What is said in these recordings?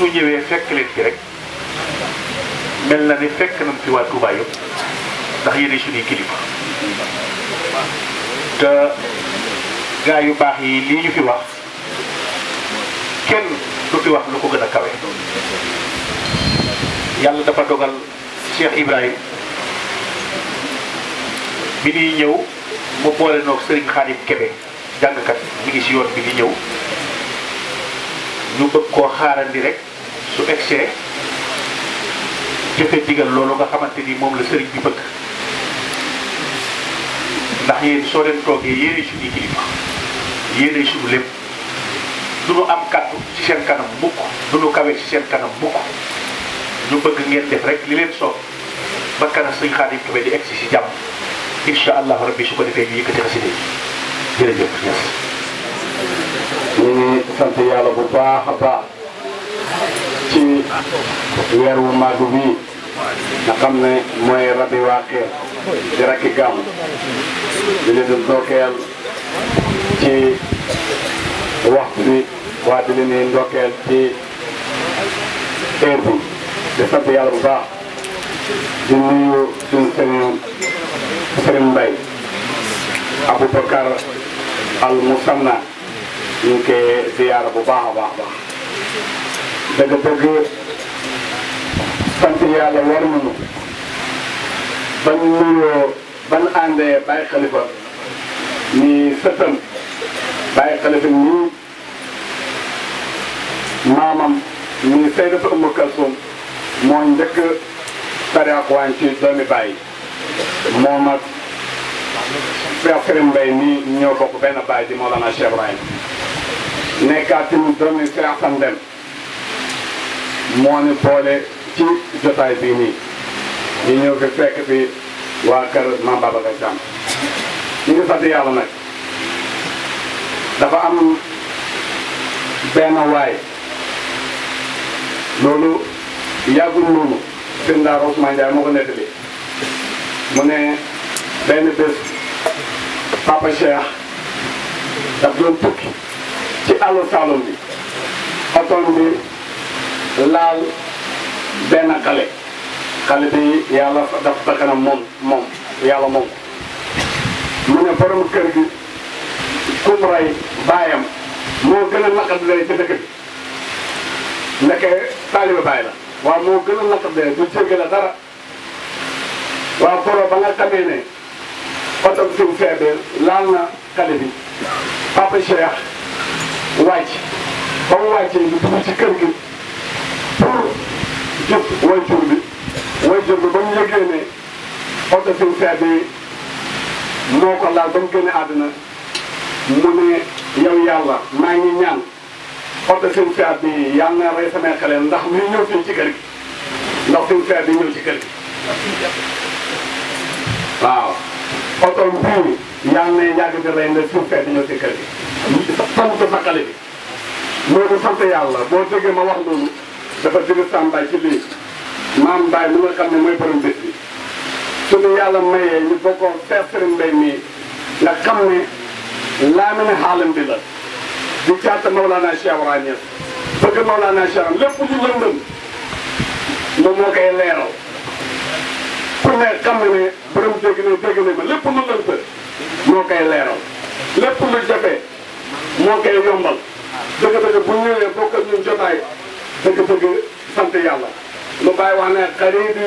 nu ñëwee fekk leen ci rek mel na ni fekk nañ fi waa Touba yëpp ndax yéen suñuy kilifa te gaa yu baax yi lii ñu fi wax kenn lu fi wax lu ko gën a kawe yàlla dafa dogal Cheikh Ibrahim bi ñuy ñëw mu boole noog sëriñ Xaadim Kebe jàngkat mi ngi si yoon bi di ñëw ñu bëgg koo xaaral bi rek su egsee jëfe digal loolu nga xamante nii moom la sëriñ bi bëgg ndax yéen soo leen toogee yéenay suñuy kilifa yéenay suñu lépp du nu am kàddu ci seen kanam mukk du nu kawee ci seen kanam mukk ñu bëgg ngeen def rek li leen soob ba kanam sëñ Xaadim Kebe di egsi si jàmm incha allahu rabbi su ko defee ñu yëkkati xasida yi jërëjëf ñes ñu baax a baax weer wu màgg bii nga xam ne mooy rabi waaqe di rakki gàmm di leen ci waxtu bi waa di leen ci heure bi di sant yàlla bu baax di nuyu suñu sëriñ al Musanna ñu ngi koy ziyaara bu baax a baax sant yàlla war nañu ban nuyoo ban àndee Baye Khalifa ni sëtam Baye Khalifa nii maamam ni Sayyidatu Umm Kalsum moo njëkk tariqwaan ci doomi moo moom ak Cheikh Karim Mbaye nii ñoo bokk benn baay di Mawlana Cheikh Ibrahim nekkaat tamit doomi Cheikh Sandem moo ni boole ci jotaay bii nii ñu ñëw fi fekk fi waa kër Mame Babacar Thiam ñu ngi sant yàlla nag dafa am benn waay loolu yàggul noonu sëñ Daara Ousmane Ndiaye moo ko nettali mu ne benn bés papa Cheikh daf doon tukki ci àllu Saloum bi otoon bi laal benn xale xale bi yàlla daf bakkanam moom moom yàlla moom mu ne borom kër gi kum ray baayam moo gën a naqat lay ci dëkk bi ndeke taaliba baay la waaw moo gën a naqat lay du jéggi la dara waaw boro ba nga xamee ne oto bi suuf laal na xale bi papa Cheikh wàcc ba mu wàccee ñu dugg ci kër gi jëf way jur bi way jur bi ba mu yëgee ne oto suñ seet bi moo ko laal ba mu génne àddina mu ne yow yàlla maa ngi ñaan oto suñ seet bi yàlla na rey samay xale ndax muy ñëw fii ci kër gi ndax suñ seet bi ñëw ci kër gi waaw oto bii yàlla na yàgg di rey ndax suñ seet bi ñëw ci kër gi sant sa xale bi loolu sant yàlla boo déggee ma wax loolu dafa jëlu sam baay ci lii maam baay mu nga xam ne mooy borom bés bi suñu yàlla mayee ñu bokkoo feex sëriñ mbay mii nga xam ne laa mu ne xaalam bi la di jaata Mawlana Cheikh Rañes bëgg Mawlana Cheikh lépp lu lëndëm moom moo koy leeral ku ne xam ne borom dégg na dégg na ma lépp lu lënt moo koy leeral lépp lu jafe moo koy yombal dëgg-dëgg bu ñëwee bokk ak ñun jotaay dëgg-dëgg sant yàlla lu bàyyi wax ne xaribi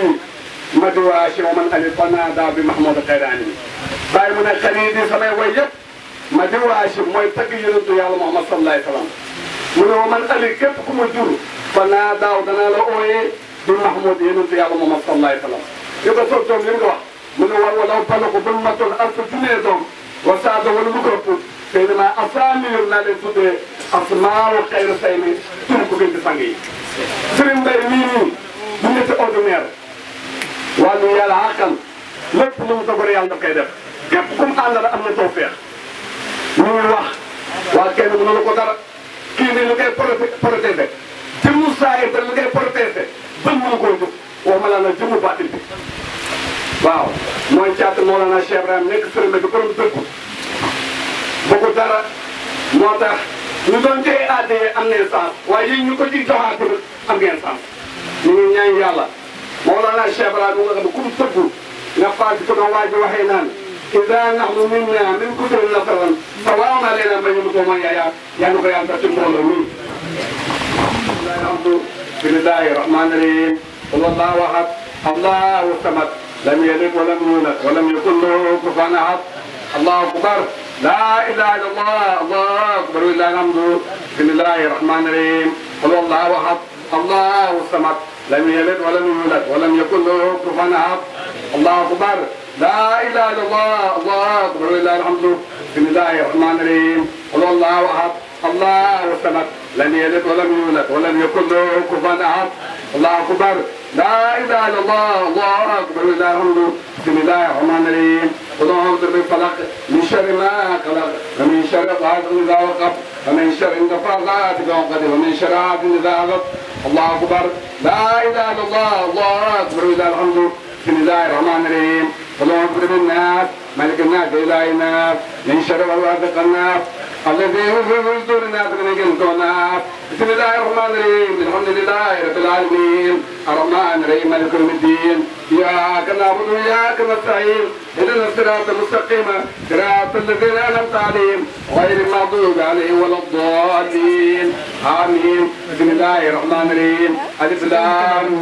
madiwaashi wa man ali fanada bi mahmoud xayraani yi bàyyi mu ne xaribi samay way yëpp madiwaashi mooy tagg yonentu yàlla muhammad sallallahu alayhi wa sallam mu ne wa man ali képp ku ma jur fanada danaa la ooyee bi mahmoud yonentu yàlla muhammad sallallahu alayhi wa sallam li ko soog doom li nga wax mu ne war walaw balagu ba matul alfa junne doom wa saada wala lu ko ëpp Seydina Afranir naa leen tuddee asmaaw xayru say ni tur ko gën di sang yi. Serigne Mbaye mii nii bu ñetti ordinaire wàllu yàlla àqal lépp lu mu dogal yàlla daf koy def képp ku mu àndal am na tawfeex ñu ngi wax waa kenn mënu ko dara kii nii lu koy protéger jëmmu saa yi te lu koy protéger bët mënu koo jóg ma laa na jëmmu baatin bi waaw mooy caatu Mawlana Cheikh Ibrahim nekk sëriñ bi borom dëkku bëggu dara moo tax ñu doon joxe addee am nañ sens waaye yéen ko ci joxaatul am ngeen sens. ñu ngi ñaan yàlla Mawlana Cheikh Ibrahima nga xam ne ku mu tëggu nga fàttali ko waa ji waxee naan idaa nahnu minnaa min kutri nasaran sawaa'un alaynaa man yumut wa man yahyaa yal na ko yàlla def ci mbooloo mi. bismillaahi rahmaani rahiim wallaahu ahad allaahu samad lam yalid wa lam yuulad wa lam yakun lahu kufuwan ahad الله أكبر لا إله إلا الله الله أكبر ولله الحمد بسم الله الرحمن الرحيم قل الله أحد الله الصمد لم يلد ولم يولد ولم يكن له كفوا أحد الله أكبر لا إله إلا الله الله أكبر ولله الحمد بسم الله الرحمن الرحيم قل الله أحد الله الصمد لم يلد ولم يولد ولم يكن له كفوا أحد الله أكبر لا إله إلا الله الله أكبر ولله الحمد بسم الله الرحمن الرحيم قل أعوذ بالفلق من شر ما خلق ومن شر غاسق إذا وقب ومن شر النفاثات في عقده ومن شر عاد إذا عقد الله أكبر لا إله إلا الله الله أكبر ولله الحمد بسم الله الرحمن الرحيم قل أعوذ بالناس ملك الناس إله الناس من شر غاسق الناس الذي هو في صدور الناس من جنتنا بسم الله الرحمن الرحيم الحمد لله رب العالمين الرحمن الرحيم مالك يوم الدين اياك نعبد واياك نستعين اهدنا الصراط المستقيم صراط الذين انعمت عليهم غير المغضوب عليهم ولا الضالين امين بسم الله الرحمن الرحيم الف لام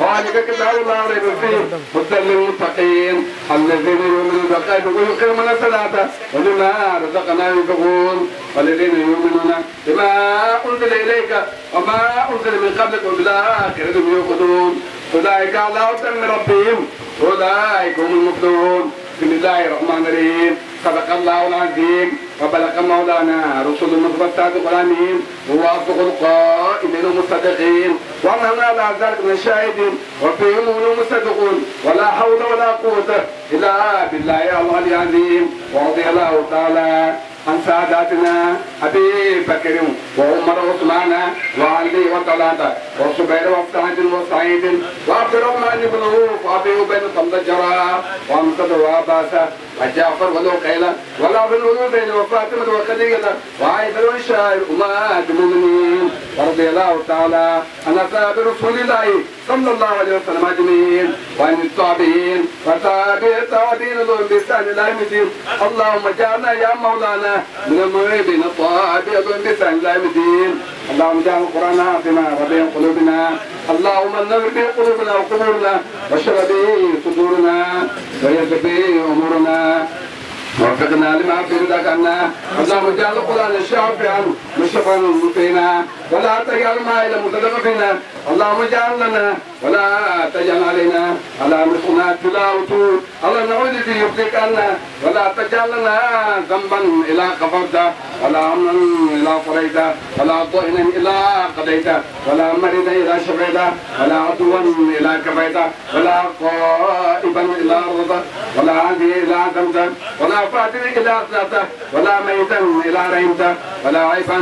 وعليك كتاب الله ريب فيه هدى للمتقين الذين يؤمنون بالغيب ويقيمون الصلاه ومما رزقناهم ينفقون والذين يؤمنون بما انزل اليك وما انزل من قبلك وبالاخره هم يوقنون أولئك على هدى من ربهم أولئك هم المفلحون بسم الله الرحمن الرحيم صدق الله العظيم وبلغ مولانا رسول المصطفى الصادق الامين هو اصدق القائلين المصدقين ونحن على ذلك من الشاهدين وفيهم هم المصدقون ولا حول ولا قوه الا بالله العلي العظيم ورضي الله تعالى عن ساداتنا أبي بكر وعمر وعثمان وعلي وطلحة والزبير وسعد وسعيد وعبد الرحمن بن عوف وأبي بن طلحة جرى وأمسد وعباسة وجعفر والعقيل والعبد الولدين وفاطمة وخديجة وعائشة وإشاء أمهات المؤمنين ورضي الله تعالى عن أصحاب رسول الله صلى الله عليه وسلم اجمعين وعن الصابين وتابع التابعين لهم بإحسان لا يمدين اللهم اجعلنا يا مولانا من المغيبين الطابع لهم بإحسان لا يمدين اللهم اجعل القرآن عاصما وبين قلوبنا اللهم نور به قلوبنا وقبورنا واشرب به صدورنا ويزكي به امورنا وفقنا لما في رضاك عنا اللهم اجعل القران الشافعا مشفعا مطينا ولا تجعل ما الى متدفقنا اللهم اجعل لنا ولا تجعل علينا ولا امرقنا تلاوته اللهم نعوذ بك يبقيك عنا ولا تجعل لنا ذنبا الى غفرته ولا أمنا إلا قريتا ولا ضئنا إلا قضيتا ولا مريضا إلا شفيتا ولا عدوا إلا كفيتا ولا قائبا إلا رضا ولا عادي إلا عدمتا ولا فاتن إلا أخلتا ولا ميتا إلا رحمتا ولا عيبا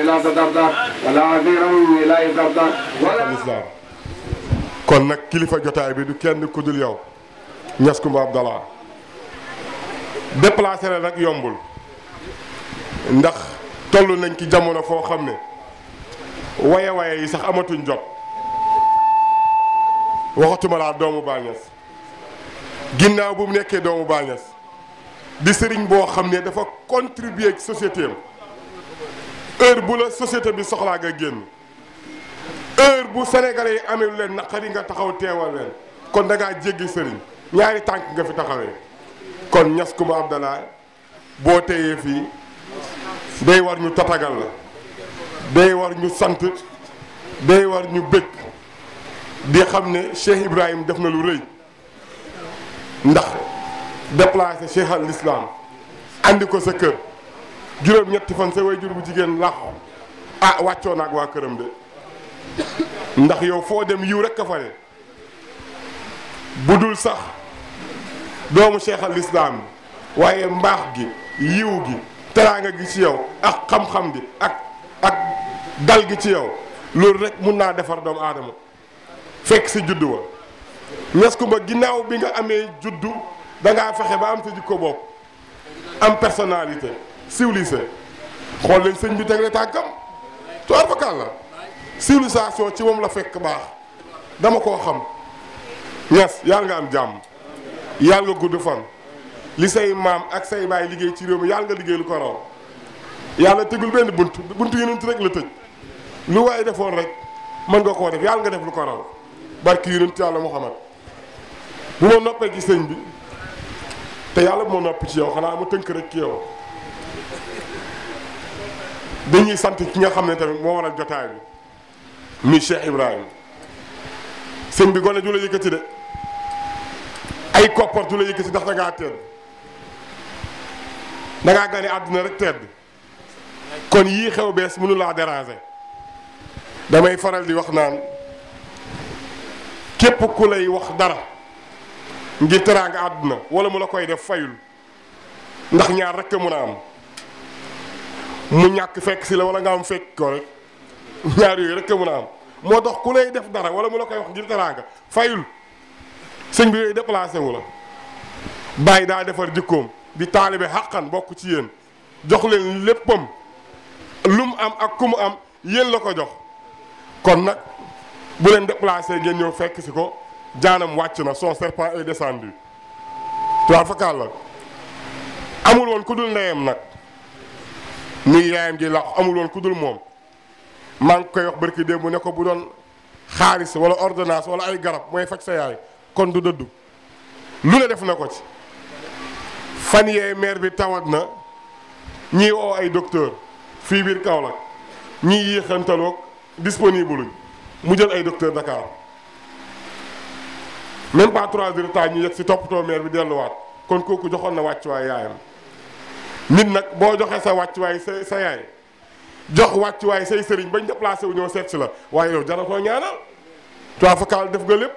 إلا سترتا ولا عذيرا إلا إذرتا ولا kon nag kilifa jotaay bi du kenn ku dul yow ñas kumba Abdallah déplacé la nag yombul ndax toll nañ ci jamono foo xam ne waye waye yi sax amatuñ jot waxatuma laa doomu baañas ginnaaw bu nekkee doomu baañas di sëriñ boo xam ne dafa contribuer ci heure bu la société bi soxlaa nga génn heure bu sénégalais yi amee lu leen naqari nga taxaw teewal leen kon da ngaa jéggi sëriñ ñaari tànk nga fi taxawee kon ñas ku ma Abdallah boo téyee fii day war ñu tatagal la day war ñu sant day war ñu bëgg di xam ne Cheikh Ibrahim def na lu rëy ndax déplacé Cheikh al Islam andi ko sa kër juróom-ñetti fan sa waajur bu jigéen laaxoon ah wàccoo naag waa këram de ndax yow foo dem yiw rekk a fa ne bu dul sax doomu Cheikh al Islam waaye mbaax gi yiw gi. teraanga gi ci yow ak xam-xam bi ak ak dal gi ci yow loolu rek mun naa defar doomu aadama fekk si juddu wa ñes ku ba ginnaaw bi nga amee juddu da ngaa fexe ba am sa jikko bopp am personnalité civilisé xool leen sëñ bi tegle tàggam toor fakal la civilisation ci moom la fekk baax dama koo xam ñes yàlla nga am jàmm yàlla nga gudd fan li say maam ak say baay liggéey ci réew mi yàlla nga liggéey lu ko raw yàlla tegul benn bunt bunt yonent rek la tëj lu waaye defoon rek mën nga koo def yàlla nga def lu ko raw barki yonent yàlla Muhammad bu ma noppee ci sëñ bi te yàlla bu ma noppi ci yow xanaa ma tënk rek ci yow dañuy sant ki nga xam ne tamit moo waral jotaay bi muy Cheikh Ibrahima sëñ bi gone du la yëkkati de ay koppar du la yëkkati ndax da ngaa teel da gane àdduna rek tedd kon yii xew bees mënu laa damay faral di wax naan képp ku lay wax dara ngir teraanga àdduna wala mu la koy def fayul ndax ñaar rek a mën a am mu ñàkk fekk si la wala nga am fekk ko rek ñaar yooyu rek a mën a am moo tax ku lay def dara wala mu la koy wax ngir teraanga fayul sëñ bi yooyu déplacé wu la bàyyi daa defar jikkoom. di taalibe xàqan bokk ci yéen jox leen léppam lu mu am ak ku mu am yéen la ko jox kon nag bu leen déplacé ngeen ñëw fekk si ko jaanam wàcc na son serpent est descendu tubaab fakkaat la amul woon ku dul ndeyam nag muy yaayam ji la amul woon ku dul moom maa ngi koy wax barki démb ne ko bu doon xaalis wala ordonnance wala ay garab mooy faj sa yaay kon du dëddu lu ne def na ko ci fan yee maire bi tawat na ñii woo ay docteur fii biir Kaolack ñii yéexantaloog disponible luñ mu jël ay docteur Dakar même pas trois heures de temps ñu yegg si toppatoo maire bi delluwaat kon kooku joxoon na wàccuwaay yaayam nit nag boo joxee sa wàccuwaay sa sa yaay jox wàccuwaay say sëriñ bañ déplacé wu ñëw seet si la waaye yow jaratoo ñaanal toi fa def nga lépp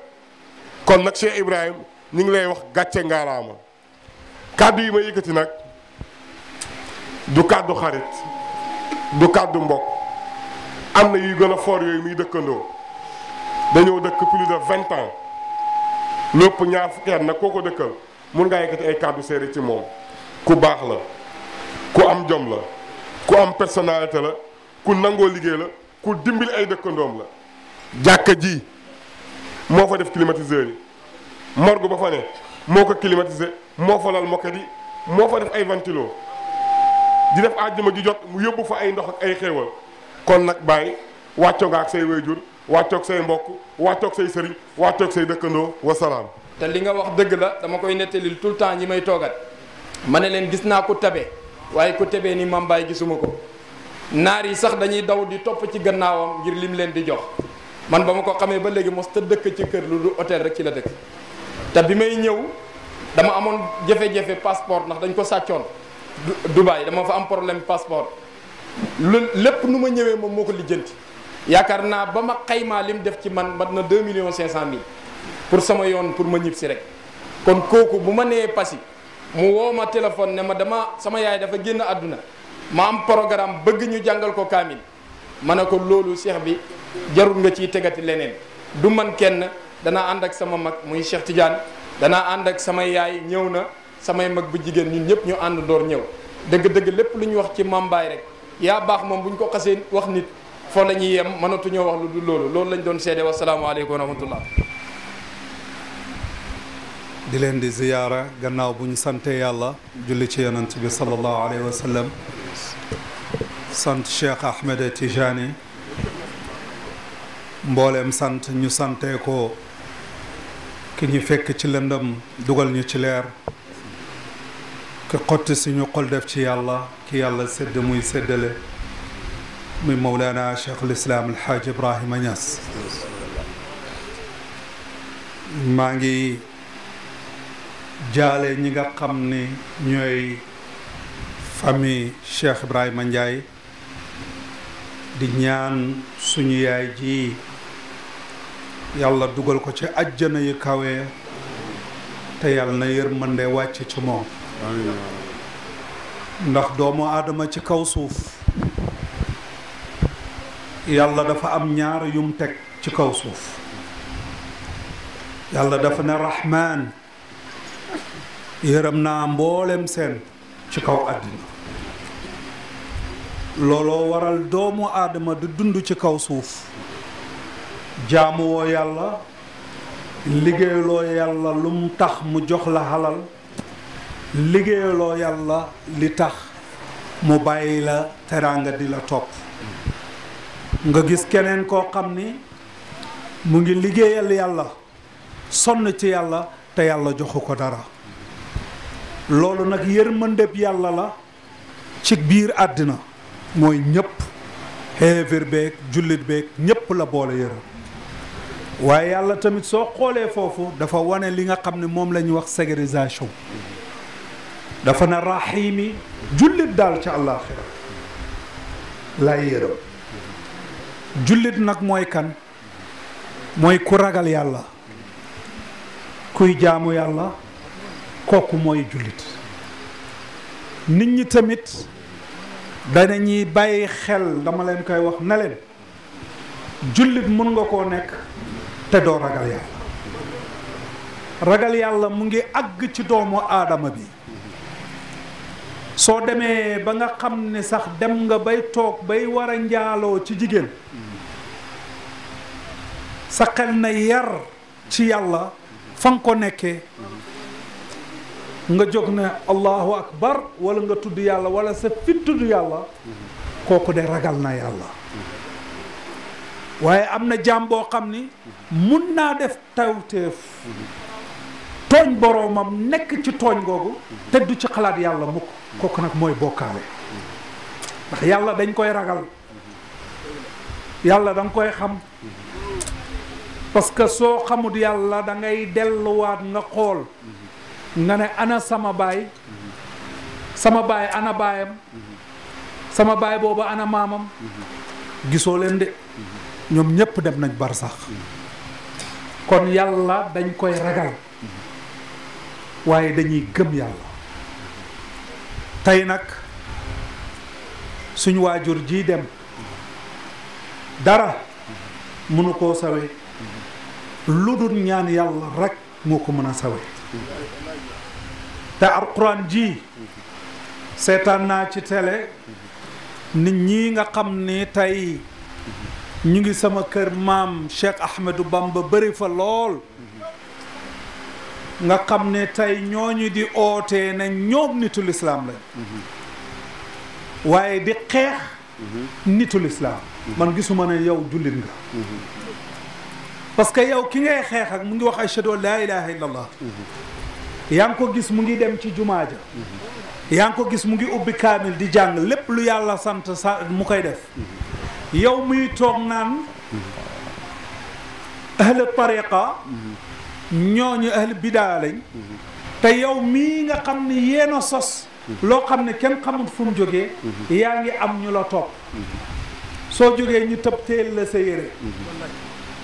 kon nag Cheikh Ibrahim ñu ngi lay wax gàcce ngaalaama kàddu yi ma yëkkati nag du kàddu xarit du kàddu mbokk am na yuy gën a foor yooyu muy dëkkandoo dañoo dëkk plus de vingt ans lépp ñaar fukki at nag koo ko dëkkal mun ngaa yëkkati ay kàddu seere ci moom ku baax la ku am jom la ku am personnalité la ku nangoo liggéey la ku dimbali ay dëkkandoom la jàkka ji moo fa def climatiseur yi morgue ba fa ne moo ko climatisé moo fa lal moket yi moo fa def ay ventilo di def àjjuma di jot yóbbu fa ay ndox ak ay xéewal kon nag bàyyi wàccoo nga ak say wayjur wàccoo say mbokk wàccoo ak say sëriñ wàccoo ak say dëkkandoo wasalaam. te li nga wax dëgg la dama koy nettalil tout le temps ñi may toogat ma ne leen gis naa ku tabe waaye ku tabee ni Mame Baye gisuma ko naar yi sax dañuy daw di topp ci gannaawam ngir li mu leen di jox man ba ma ko xamee ba léegi mos ta dëkk ci kër lu du rek ci la dëkk. te bi may ñëw dama amoon jafe-jafe passeport ndax dañ ko sàccoon Dubaay dama fa am problème passeport lu lépp nu ma ñëwee moom moo ko lijjanti yaakaar naa ba ma xaymaa li mu def ci man mat na 2 millions 500 mille pour sama yoon pour ma ñibbisi rek kon kooku bu ma nee Passy mu woo ma téléphone ne ma dama sama yaay dafa génn àdduna ma am programme bëgg ñu jàngal ko kaamil ma ne ko loolu seex bi jarul nga ciy tegati leneen du man kenn danaa ànd ak sama mag muy Cheikh Tidiane danaa ànd ak sama yaay ñëw na samay mag bu jigéen ñun ñëpp ñu ànd door ñëw dëgg-dëgg lépp lu ñu wax ci màmbaay rek yaa baax moom bu ko xasee wax nit foo la ñuy yem mënatuñoo wax lu dul loolu loolu lañ doon seede wasalaamaaleykum wa rahmatullah di leen di ziyaara gannaaw bu ñu sante yàlla julli ci yonent bi sallallahu alayhi wa sallam sant Cheikh Ahmed Tijani mboolem sant ñu santee ko ki ñu fekk ci lëndëm dugal ñu ci leer ki xotti suñu xol def ci yàlla ki yàlla sédd muy seddale muy Mawlana Cheikh Lislaam Alxaaj Ibrahima Niass maa ngi jaale ñi nga xam ni ñooy fami Cheikh Ibrahima Ndiaye di ñaan suñu yaay ji yàlla dugal ko ci ajjana yi kawee te yàlla na yërmande wàcc ci moom ndax doomu aadama ci kaw suuf yàlla dafa am ñaar yum teg ci kaw suuf yàlla dafa ne rahmaan yërëm naa mboolem seen ci kaw àddina looloo waral doomu aadama di dund ci kaw suuf jaamuwoo yàlla liggéeyaloo yàlla lum tax mu jox la xalal liggéeyaloo yàlla li tax mu bàyyi la teraanga di la topp nga gis keneen koo xam ni mu ngi liggéeyal yàlla sonn ci yàlla te yàlla joxu ko dara loolu nag yërmandeb yàlla la ci biir àddina mooy ñëpp xeefir beeg jullit beeg ñépp la boole yërëm waaye yàlla tamit soo xoolee foofu dafa wane li nga xam ne moom la wax ségrégation dafa na raxiimi jullit daal ca àllaaxira lay yërëm jullit nag mooy kan mooy ku ragal yàlla kuy jaamu yàlla kooku mooy jullit nit ñi tamit danañuy bàyyi xel dama leen koy wax na leen jullit mun nga koo nekk te doo ragal yàlla ragal yàlla mu ngi àgg ci doomu aadama bi soo demee ba nga xam ne sax dem nga bay toog bay war a njaaloo ci jigéen sa xel na yar ci yàlla fa nga ko nekkee nga jóg na allahu akbar wala nga tudd yàlla wala sa fit tudd yàlla kooku de ragal na yàlla waaye am na jaam boo xam ni mun naa def tawteef tooñ boroomam nekk ci tooñ googu te du ci xalaat yàlla mukk kooku nag mooy bokkaale ndax yàlla dañ koy ragal yàlla da koy xam parce que soo xamut yàlla dangay ngay delluwaat nga xool nga ne ana sama baay sama baay ana baayam sama baay boobu ana maamam gisoo leen de ñoom ñépp dem nañ barsax kon yàlla dañ koy ragal waaye dañuy gëm yàlla tey nag suñ waajur ji dem dara mënu koo sawe lu dul ñaan yàlla rekk moo ko mën a sawe te alquran ji seetaan naa ci tele nit ñi nga xam ni tey ñu ngi sama kër maam Cheikh Ahmadou Bamba bari fa lool nga xam ne tey ñoo ñu di ootee na ñoom nitul islaam lañ waaye di xeex nitul islaam man gisuma ne yow jullit nga parce que yow ki ngay xeex ak mu ngi wax ashhadu an laa ilaha illa yaa ngi ko gis mu ngi dem ci jumaa ja yaa ngi ko gis mu ngi ubbi kaamil di jàng lépp lu yàlla sant sa mu koy def yow muy toog naan ahlu tariqa ñooñu ahlu bidaa lañ te yow mii nga xam ni yéen sos loo xam ne kenn xamul fum mu jógee yaa ngi am ñu la topp soo jógee ñu tëb teel la sa yére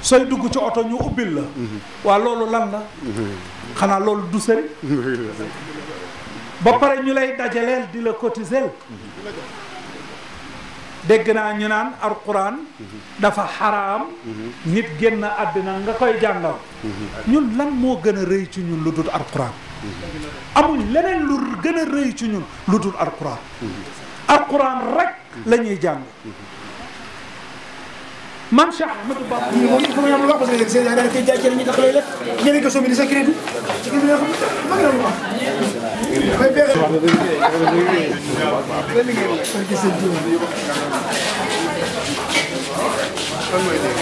sooy dugg ci oto ñu ubbil la waa loolu lan la xanaa loolu du sëriñ ba pare ñu lay dajaleel di la cotiser dégg naa ñu naan alquran dafa xaraam mhm. nit génn àddina nga koy jàngal mhm. ñun lan moo gën a rëy ci ñun lu dul alquran mhm. amul leneen lu gën a rëy ci ñun lu dul alquran alquran rek la ñuy jàng maam Cheikh Ahmadou Bamba ñu moom xam nga am lu wax parce que seen daal koy jaay ci ñu def ñeneen ko sombi xam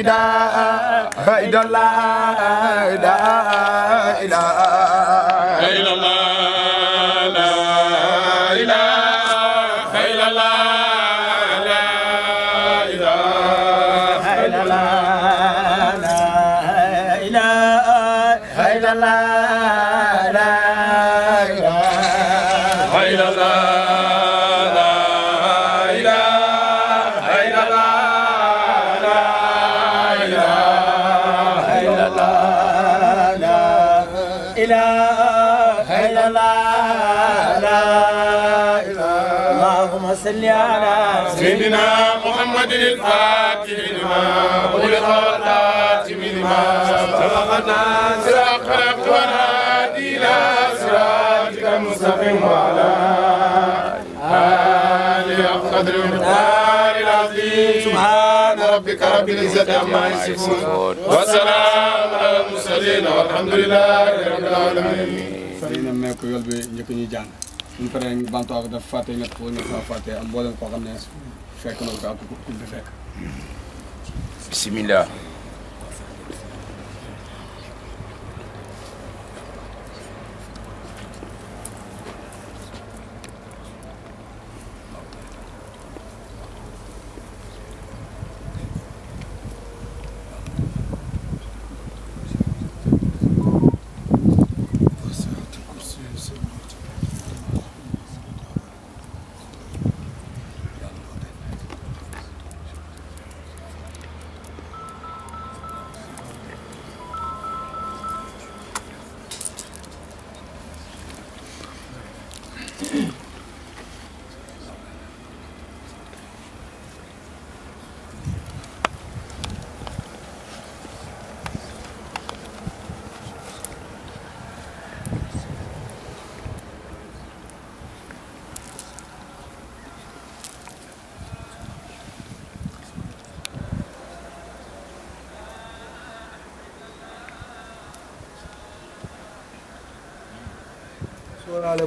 إله إلا الله رب العزة عما يصفون والسلام على المرسلين والحمد لله رب العالمين fay na meeku yool bi njëkk ñuy jàng ñu paree ñu bantu ak def fàtte ñett foofu ñett faa fàtte am mboolem koo xam ne fekk na ko ak ku fekk bismillah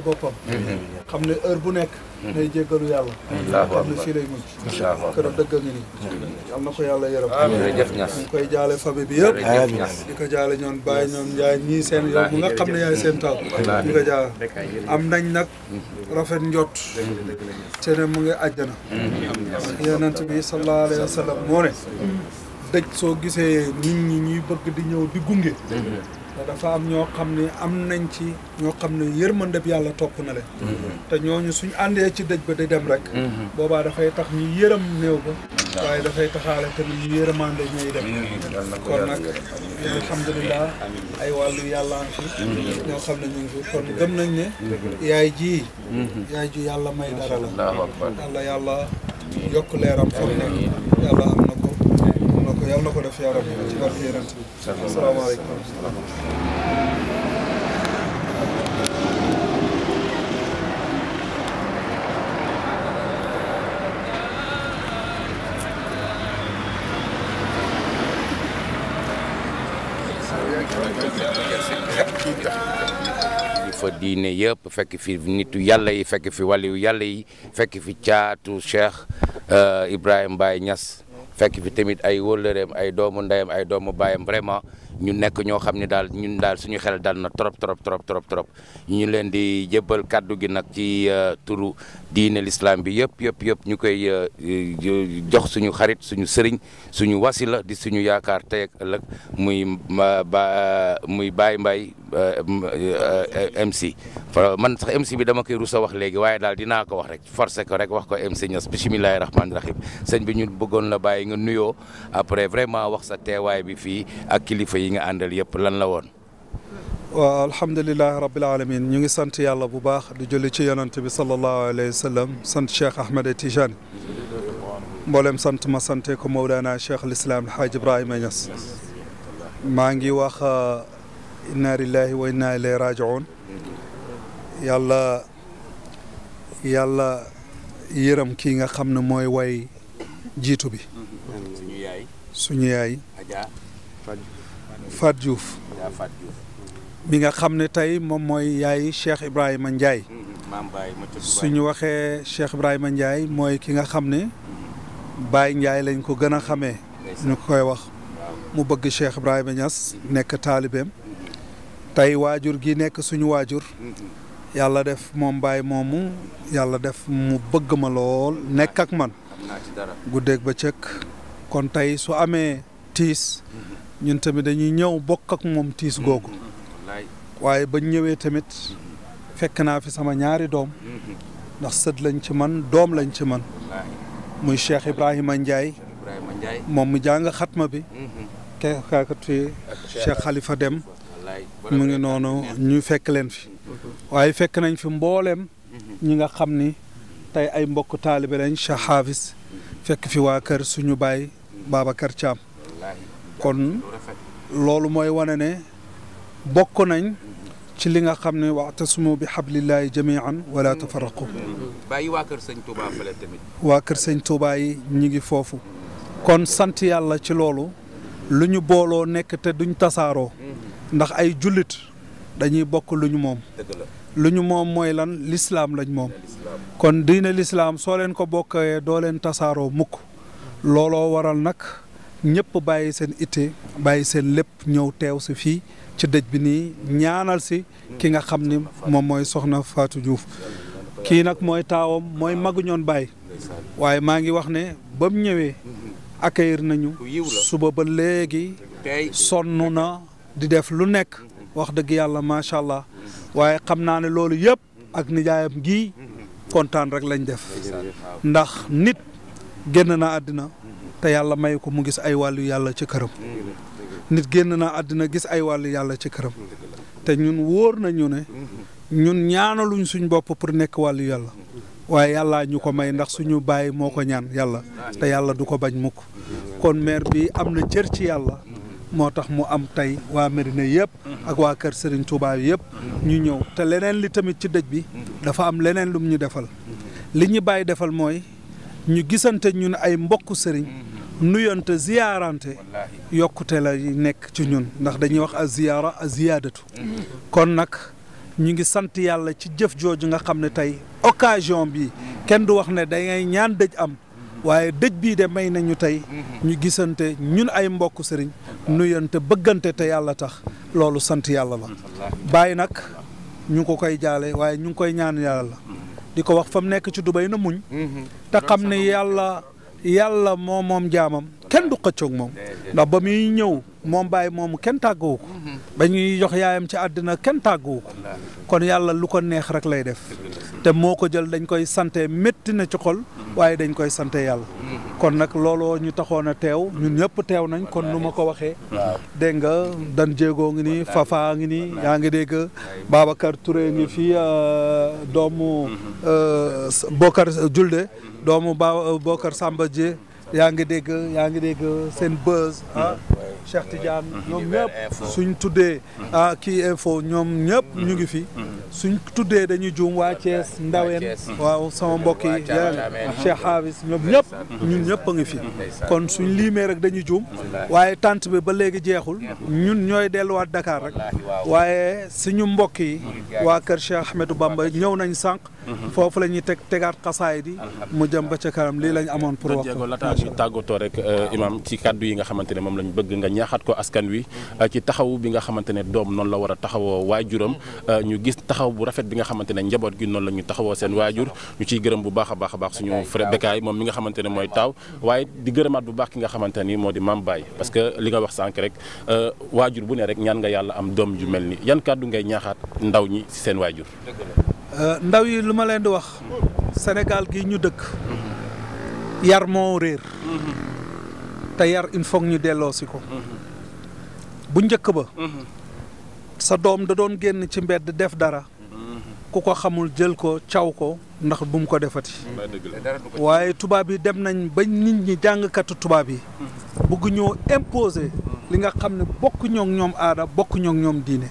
boppam mhm. xam ne heure bu nekk mhm. nay jéggalu yàlla xam ne fii lay mujj këram dëgg mhm. na ko yàlla yërëm ñu ngi koy jaale famille bi yëpp di ko jaale ñoon bàyyi ñoom Ndiaye ñii seen yow bu nga xam ne yaay seen taal ñu ko jaale am nañ nag rafet njot te mu ngi àjjana yonent bi sallallahu alayhi wa sallam moo ne dëj soo gisee nit ñi ñuy bëgg di ñëw di gunge te dafa am ñoo xam ne am nañ ci ñoo xam ne yërmandeb yàlla topp na le mhm. te ñooñu suñ àndee ci dëj ba di dem rek mhm. boobaa dafay tax ñu yërëm néew ba waaye dafay taxaale tamit ñu yërëmande ñooy dem mhm. kon nag alhamdulilah ay wàllu yàlla am fi ñoo xam ne ñu kon gëm nañ ne yaay ji yaay ji yàlla may dara la yàlla yàlla yokk leeram fam ne yàlla yàlla na ko def yaa rabbi ci barke yonent bi asalaamaaleykum fa diine yëpp fekk fi nitu yàlla yi fekk fi waliyu yàlla yi fekk fi caatu Cheikh euh, Ibrahima Baye Niass fekk fi tamit ay wóllëreem ay doomu ndeyam ay doomu baayam vraiment ñu nekk ñoo xam ne daal ñun daal suñu xel dal na trop trop trop trop trop ñu leen di jébbal kàddu gi nag ci euh, turu diine lislaam bi yëpp yëpp yëpp ñu koy euh, euh, jox suñu xarit suñu sëriñ suñu la di suñu yaakaar tey ak ëllëg muy ba muy Baye Mbaye MC man sax MC bi dama koy rusa wax léegi waaye daal dinaa ko wax rek forcé ko rek wax ko MC Niass bisimilahi rahmaani rahim sëñ bi ñu bëggoon la bàyyi nga nuyoo après vraiment wax sa teewaay bi fii ak kilifa yi yi nga yëpp lan la woon. waaw alhamdulilah alamin ñu ngi sant yàlla bu baax di julli ci yonent bi sallallahu alayhi wa sallam sant Cheikh Ahmed Tijani mboolem sant ma sante ko Mawlana Cheikh al-Islam Alhaaj Ibrahima Niass maa ngi wax uh, inna lillahi wa inna ilayhi rajiun yàlla yàlla yërëm kii nga xam ne mooy way jiitu bi Faat Diouf mi nga xam ne tey moom mooy yaay Cheikh Ibrahima mm-hmm. su ñu waxee Cheikh Ibrahima Ndiaye mooy ki nga xam ne mm-hmm. baay njaay lañ ko gën a xamee ñu koy wax mu bëgg Cheikh Ibrahima Niass mm-hmm. nekk taalibeem tey waajur gi nekk suñu waajur yàlla def moom Baye moomu yàlla def mu bëgg ma lool nekk ak man guddeeg ba cëkk kon tey su amee tiis ñun tamit dañuy ñëw bokk ak moom tiis mm-hmm. googu waaye bañ ñëwee tamit mm-hmm. fekk naa fi sama ñaari doom mm-hmm. ndax sët lañ ci man doom lañ ci man muy Cheikh Ibrahima Ndiaye moom mu jàng xatma bi kekkakati Cheikh Khalifa Dem mu ngi noonu ñu fekk leen fi waaye fekk nañ fi mbooleem ñi nga xam ni tey ay mbokk taalibe lañ Cheikh Haafis fekk fi waa kër suñu baay Babacar Thiam kon loolu mooy wane ne bokk nañ ci li nga xam ne waxtasimu bi xablillahi jamian wala tafaraqu bàyyi waa kër sëñ Touba fële kër sëñ Touba ñu ngi foofu. kon sant yàlla ci loolu lu ñu booloo nekk te duñ tasaaroo ndax ay jullit dañuy bokk lu ñu moom lu ñu moom mooy lan lislaam lañ moom kon diine lislaam soo leen ko bokkee doo leen tasaaroo mukk looloo waral nag ñépp bàyyi seen ite bàyyi seen lépp ñëw teew si fii ci dëj bi nii ñaanal si ki nga xam ni moom mooy soxna Fatou Diouf kii nag mooy taawam mooy maguñoon ñoon bàyyi waaye maa ngi wax ne ba mu ñëwee accueillir nañu suba ba léegi sonn na di def lu nekk wax dëgg yàlla macha allah waaye xam naa ne loolu yëpp ak nijaayam gii kontaan rek lañ def ndax nit génn na àddina te yàlla may ko mu gis ay wàllu yàlla ci këram nit génn na àddina gis ay wàllu yàlla ci këram te ñun wóor nañu ne ñun ñaanaluñ suñ bopp pour nekk wàllu yàlla waaye yàlla ñu ko may ndax suñu baay moo ko ñaan yàlla te yàlla du ko bañ mukk kon meer bi am na cër ci yàlla moo tax mu am tey waa Médina yëpp ak waa kër Serigne Touba yëpp ñu ñëw te leneen li tamit ci dëj bi dafa am leneen lum ñu defal li ñu bàyyi defal mooy ñu gisante ñun ay mbokk sëriñ mm-hmm. nuyonte ziyaarante yokkute la nekk ci ñun mm-hmm. ndax dañuy wax a ziyaara a ziyaadatu mm-hmm. kon nag ñu ngi sant yàlla ci jëf jooju nga xam ne tey occasion bi kenn du wax ne da ngay ñaan dëj am waaye dëj bii de may nañu tey ñu gisante ñun ay mbokk sëriñ nuyante bëggante te yàlla tax loolu sant yàlla la bàyyi nag ñu ngi ko koy jaale waaye ñu ngi koy ñaan yàlla la di ko wax fa mu nekk ci Dubaï na muñ. Mhm. ta xam ne yàlla yàlla moo moom jaamam kenn du xëccoog moom ndax ba muy ñëw moom bàyyi moomu kenn tàgguwu ba ñuy jox yaayam ci àddina kenn tàgguwu kon yàlla lu ko neex rek lay def te moo ko jël dañ koy sante métti na ci xol waaye dañ koy sante yàlla kon nag looloo ñu taxoon a teew ñun ñëpp teew nañ kon nu ma ko waxee dégg nga dan jéegoo ngi nii Fafa ngi nii yaa ngi dégg Babacar Touré ngi fii euh, doomu euh, Bokar Julde doomu Ba euh, Bokar Samba Dieng yaa ngi dégg yaa ngi dégg seen buzz ah Cheikh ñoom ñëpp suñ tuddee mm-hmm. ah kii info ñoom ñëpp mm-hmm. ñu ngi fi mm-hmm. suñ tuddee dañuy juum waa Thiès Ndaween waaw sama mbokk yi Cheikh Havis ñoom ñëpp ñun ñëpp ngi fi kon suñ liimee rek dañuy juum waaye tant bi ba léegi jeexul ñun ñooy delluwaat dakaar rek waaye suñu mbokk yi waa kër Cheikh Ahmedou Bamba ñëw nañ sànq foofu la ñuy teg tegaat xasaay di mu jëm ba ca kanam lii lañ amoon pour wax jéego lataa tàggatoo rek euh, imam ci kàddu yi nga xamante ne moom lañ bëgg nga ñaaxaat ko askan wi mm-hmm. euh, ci taxaw bi nga xamante ne doom noonu la war a taxawoo waajuram mm-hmm. euh, ñu gis taxaw bu rafet bi nga xamante ne njaboot gi noonu la ñu taxawoo seen waajur ñu ciy gërëm bu baax a baax a baax suñu frère Bekaay moom mi nga xamante ne mooy taaw waaye di gërëmaat bu baax ki nga xamante ni moo di mam Baye parce que li nga wax sànq rek waajur bu ne rek ñaan nga yàlla am doom ju mel ni yan kàddu ngay ñaaxaat ndaw ñi ci seen waajur Euh, ndaw yi lu ma leen di wax Sénégal gi ñu dëkk yar moo réer te yar il faut ñu delloosi ko bu njëkk ba sa doom da doon génn ci mbedd def dara ku ko xamul jël ko caw ko ndax bu mu ko defati waaye tubaab yi dem nañ ba nit ñi jàngkatu tubaab yi bëgg ñoo imposer li nga xam ne bokk ñoog ñoom aada bokk ñoom diine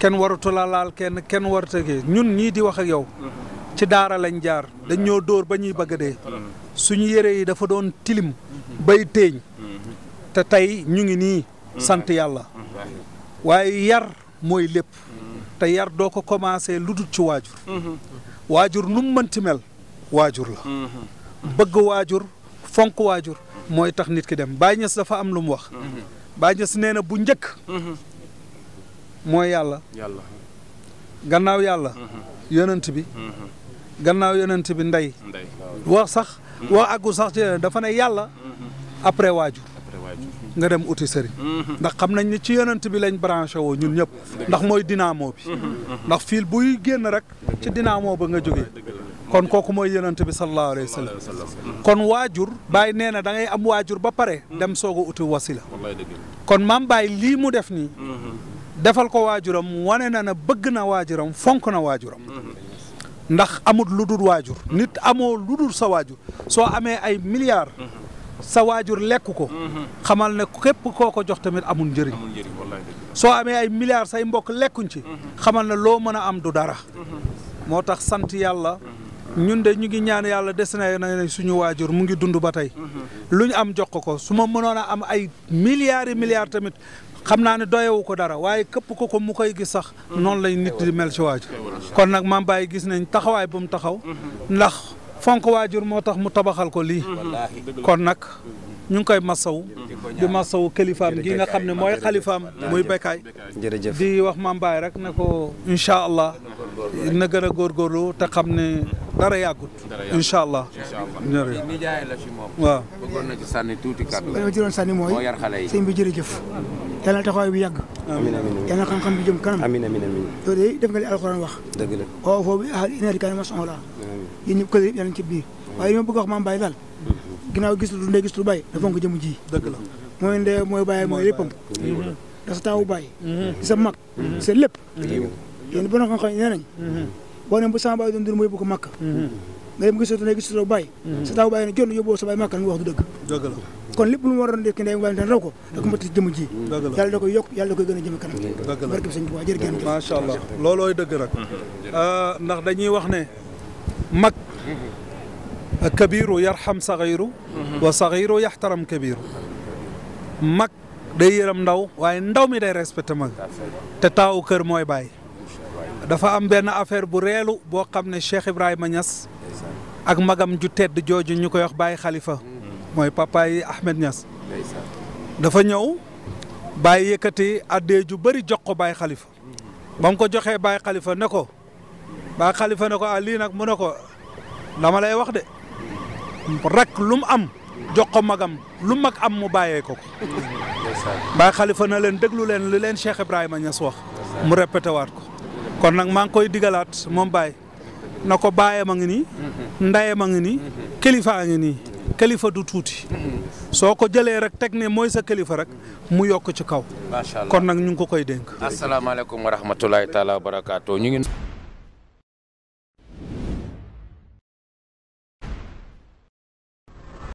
kenn waratu la laal kenn kenn waratu kii ñun ñii di wax ak yow. ci daara lañ jaar dañ ñoo dóor ba ñuy bëgg dee. suñu yére yi dafa doon tilim. bay teeñ. te tey ñu ngi nii. sant yàlla. waaye yar mooy lépp. te yar doo ko commencé lu dul ci waajur. waajur nu mu mënti mel waajur la. bëgg waajur fonk waajur. mooy tax nit ki dem Baay Ñas dafa am lu mu wax. Baay Ñas nee na bu njëkk. mooy yàlla. yàlla gannaaw yàlla. Mm-hmm. yonent bi. Mm-hmm. gannaaw yonent bi ndey. wax sax. Mm-hmm. wax àggu sax ci dafa ne yàlla. après waajur. nga dem uti sëriñ. ndax xam nañ ni ci yonent bi lañ branché woo ñun ñëpp. ndax mooy dinaa moo bi. ndax fiil buy génn rek. ci dynamo ba nga jógee. kon kooku mooy yonent bi sallallahu alayhi wa sallam. kon waajur. Baye nee na da ngay am waajur ba pare. dem soog a uti wasila. kon maam Baye lii mu def nii. defal ko waajuram wane na ne bëgg na waajuram fonk na waajuram ndax amut lu dul waajur nit amoo lu dul sa waajur soo amee ay milliards sa waajur lekk ko xamal ne képp koo ko jox tamit amul njëriñ soo amee ay milliards say mbokk lekkuñ ci xamal na loo mën a am du dara moo tax sant yàlla ñun de ñu ngi ñaan yàlla des na nañ suñu waajur mu ngi dund ba tey lu ñu am jox ko ko su ma mënoon a am ay milliar yi milliards tamit xam naa ne doyewu ko dara waaye képp ko ko mu koy gis sax noonu lay nit di mel ci waajur kon nag maam Baye gis nañ taxawaay bu mu taxaw ndax fonk waajur moo tax mu tabaxal ko lii kon nag ñu ngi koy masaw di masaw kalifaam gi nga xam ne mooy xalifaam muy béykaay jërëjëf di wax maam Baye rek ne ko incha allah na gën a góorgóorlu te xam ne dara yàggut incha allah jërëjëf mi jaay la ci moom waaw bëggoon na ci sànni bi jërëjëf yal na taxawaay yàgg amiin xam-xam bi jëm kanam amiin def nga alxuraan wax dëgg la waaw foofu bi ahad daal ginnaaw gis lu ndey gis lu bàyyi dafa nga jëm ji dëgg la mooy ndey mooy bàyyi mooy léppam da sa taawu bàyyi mm-hmm. mm-hmm. sa mag mm-hmm. sa lépp yéen bo na xam xam nee nañ boo ne bu sama bàyyi doon dund mu yóbbu ko màkk nga dem gis lu ndey gis lu bàyyi sa taawu bàyyi ne jonn yóbboo sa bàyyi màkk nga wax du dëgg dëgg la kon lépp lu mu waroon def ki ndey bàyyi tan raw ko da ko mat jëm ji yàlla da koy yokk yàlla da koy gën a jëm kanam barke bi sëñ Tuubaa jërë ngeen jëf macha allah loolooy dëgg nag ah, ndax dañuy wax ne mag kabiru yarxam saxiiru wa saxiiru yaxtaram kabiru mag day yërëm ndaw waaye ndaw mi day respecté mag te taawu kër mooy baay dafa am benn affaire bu reelu boo xam ne Cheikh Ibrahima ñas ak magam ju tedd jooju ñu koy wax Baye Khalifa mooy papa yi Ahmed Niass dafa ñëw Baye yëkkati addee ju bëri jox ko Baye Khalifa ba ko joxee Baye Khalifa ne ko Baye Khalifa ne ko ah lii nag mu ne ko dama lay wax de. rak lu mu am jox ko magam lu mag am mu bàyyee ko ko Baay Xalifa na leen déglu leen li leen Cheikh Ibrahima Niass wax mu répété waat ko kon nag maa ngi koy digalaat moom Baay na ko baayam ma ngi nii ndayam a ngi nii kilifa a ngi nii kilifa du tuuti soo ko jëlee rek teg ne mooy sa kilifa rek mu yokk ci kaw. macha allah kon nag ñu ngi ko koy dénk. asalaamaaleykum wa rahmatulahi taala wa barakaatu ñu ngi.